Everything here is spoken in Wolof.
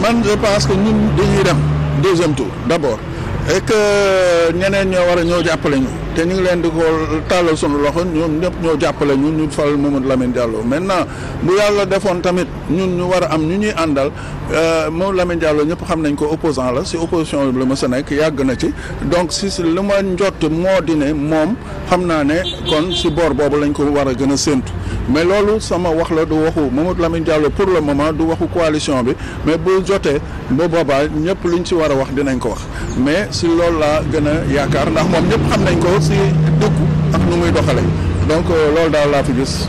man je pense que di ñuy dem deuxième tour d'abord et que ñeneen ñoo war a ñoo jàppale ñu te ñu ngi leen di ko tàllal sunu loxo ñoom ñëpp ñoo jàppale ñu ñu fal Mamadou Lamine Diallo maintenant bu yàlla defoon tamit ñun ñu war a am ñu ñuy àndal euh, Mamadou Lamine Diallo ñëpp xam nañ ko opposant la si opposition bi la ma sa nekk yàgg na ci donc si si li ma njott moo di moom xam naa ne kon si boor boobu lañ ko war a gën a séentu mais loolu sama wax la du waxu la Lamine Diallo pour le moment du waxu coalition bi mais bu jotee ba boobaa ñëpp luñ si war a wax dinañ ko wax mais si loolu laa gën a yaakaar ndax moom ñëpp xam nañ ko si dëkku ak nu muy doxale donc euh, loolu daal laa fi gis.